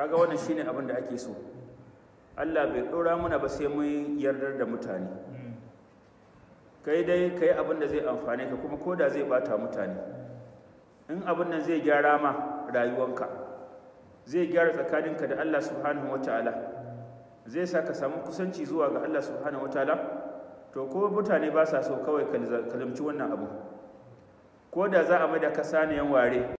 kaga wannan shine abin da ake so Allah bai ɗora muna ba sai mun yardar da mutane kai dai kai abin da zai amfane ka kuma koda zai bata mutane in abin nan zai gyara ma rayuwanka zai gyara tsakaninka da Allah subhanahu wataala zai sa ka samu kusanci zuwa ga Allah subhanahu wataala to ko mutane ba sa so kawai kalimci wannan abu ko da za a mai da kasa yan ware